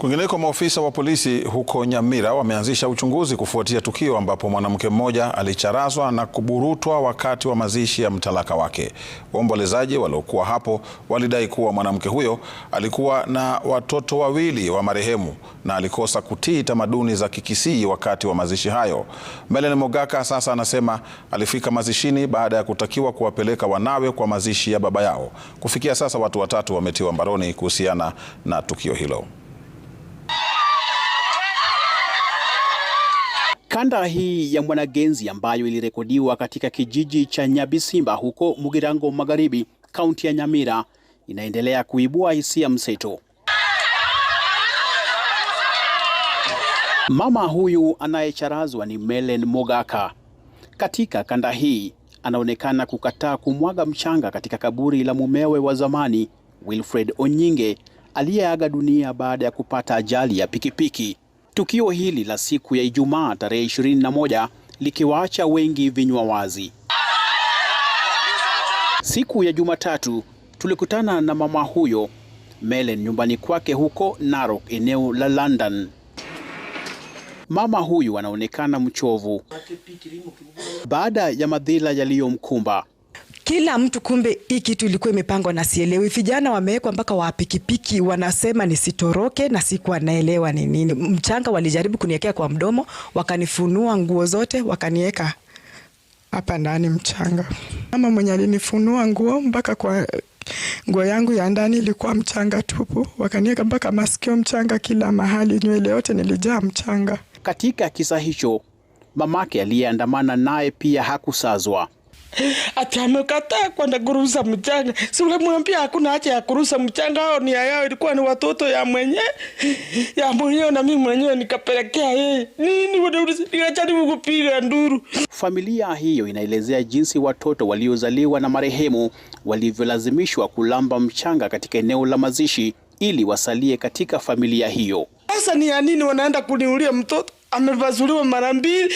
Kwingineko, maofisa wa polisi huko Nyamira wameanzisha uchunguzi kufuatia tukio ambapo mwanamke mmoja alicharazwa na kuburutwa wakati wa mazishi ya mtalaka wake. Waombolezaji waliokuwa hapo walidai kuwa mwanamke huyo alikuwa na watoto wawili wa marehemu na alikosa kutii tamaduni za Kikisii wakati wa mazishi hayo. Melen Mogaka sasa anasema alifika mazishini baada ya kutakiwa kuwapeleka wanawe kwa mazishi ya baba yao. Kufikia sasa watu watatu wametiwa mbaroni kuhusiana na tukio hilo. Kanda hii ya Mwanagenzi ambayo ilirekodiwa katika kijiji cha Nyabisimba huko Mugirango Magharibi, kaunti ya Nyamira inaendelea kuibua hisia mseto. Mama huyu anayecharazwa ni Melen Mogaka. Katika kanda hii anaonekana kukataa kumwaga mchanga katika kaburi la mumewe wa zamani Wilfred Onyinge aliyeaga dunia baada ya kupata ajali ya pikipiki. Tukio hili la siku ya Ijumaa tarehe 21 likiwaacha wengi vinywa wazi. Siku ya Jumatatu tulikutana na mama huyo Melen nyumbani kwake huko Narok, eneo la London. Mama huyu anaonekana mchovu baada ya madhila yaliyomkumba. Kila mtu kumbe, hii kitu ilikuwa imepangwa na sielewi. Vijana wamewekwa mpaka wa pikipiki wanasema nisitoroke, na sikuwa naelewa ni nini. Mchanga walijaribu kuniwekea kwa mdomo, wakanifunua nguo zote, wakaniweka hapa ndani mchanga. Mama mwenye alinifunua nguo mpaka kwa nguo yangu ya ndani ilikuwa mchanga tupu, wakaniweka mpaka masikio mchanga, kila mahali, nywele yote nilijaa mchanga. Katika kisa hicho, mamake aliyeandamana naye pia hakusazwa ati amekataa kwenda kurusa mchanga. Si ulimwambia hakuna haja ya kurusa mchanga, Ao nia yao ilikuwa ni watoto ya mwenye ya mwenyewe, na mimi mwenyewe nikapelekea yeye nini, nikajaribu kupiga nduru. Familia hiyo inaelezea jinsi watoto waliozaliwa na marehemu walivyolazimishwa kulamba mchanga katika eneo la mazishi ili wasalie katika familia hiyo. Sasa ni ya nini wanaenda kuniulia mtoto amevazuliwa mara mbili?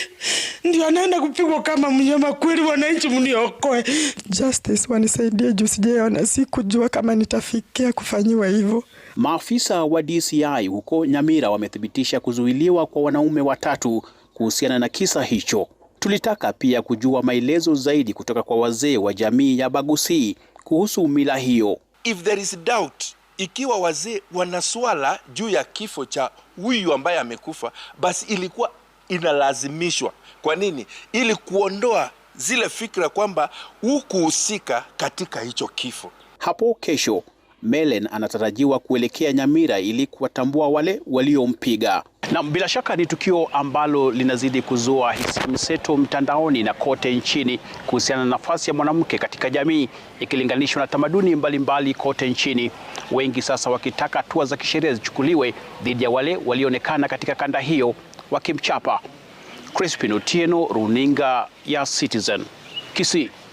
ndio anaenda kupigwa kama mnyama kweli. Wananchi mniokoe, justice wanisaidie juu sijaona, sikujua kama nitafikia kufanyiwa hivyo. Maafisa wa DCI huko Nyamira wamethibitisha kuzuiliwa kwa wanaume watatu kuhusiana na kisa hicho. Tulitaka pia kujua maelezo zaidi kutoka kwa wazee wa jamii ya Bagusi kuhusu mila hiyo. If there is doubt, ikiwa wazee wana swala juu ya kifo cha huyu ambaye amekufa, basi ilikuwa inalazimishwa. Kwa nini? Ili kuondoa zile fikra kwamba hukuhusika katika hicho kifo. Hapo kesho melen anatarajiwa kuelekea Nyamira ili kuwatambua wale waliompiga. nam bila shaka ni tukio ambalo linazidi kuzua hisimseto mseto mtandaoni na kote nchini kuhusiana na nafasi ya mwanamke katika jamii ikilinganishwa na tamaduni mbalimbali mbali kote nchini, wengi sasa wakitaka hatua za kisheria zichukuliwe dhidi ya wale walioonekana katika kanda hiyo wakimchapa. Crispin Otieno, runinga ya Citizen, Kisii.